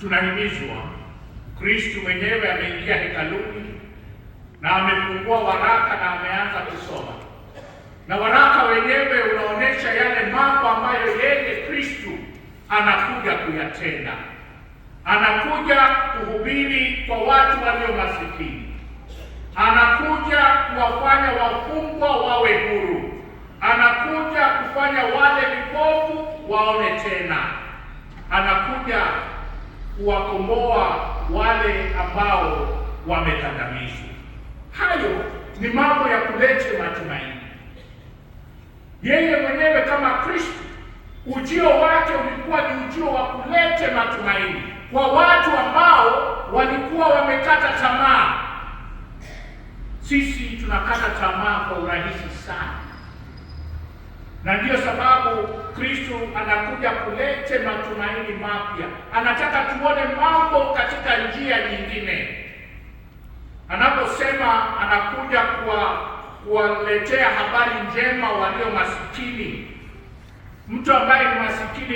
tunahimizwa. Kristu mwenyewe ameingia hekaluni na amefungua waraka na ameanza kusoma, na waraka wenyewe unaonyesha yale mambo ambayo yeye Kristu anakuja kuyatenda. Anakuja kuhubiri kwa watu walio masikini, anakuja kuwafanya wafungwa wawe huru, anakuja kufanya wale vipofu waone tena, anakuja kuwakomboa wale ambao wamekandamizwa. Hayo ni mambo ya kuleta matumaini. Yeye mwenyewe kama Kristo, ujio wake ulikuwa ni ujio wa kuleta matumaini kwa watu ambao walikuwa wamekata tamaa. Sisi tunakata tamaa kwa urahisi sana sababu Kristo anakuja kulete matumaini mapya. Anataka tuone mambo katika njia nyingine. Anaposema anakuja kwa kuwaletea habari njema walio masikini, mtu ambaye ni masikini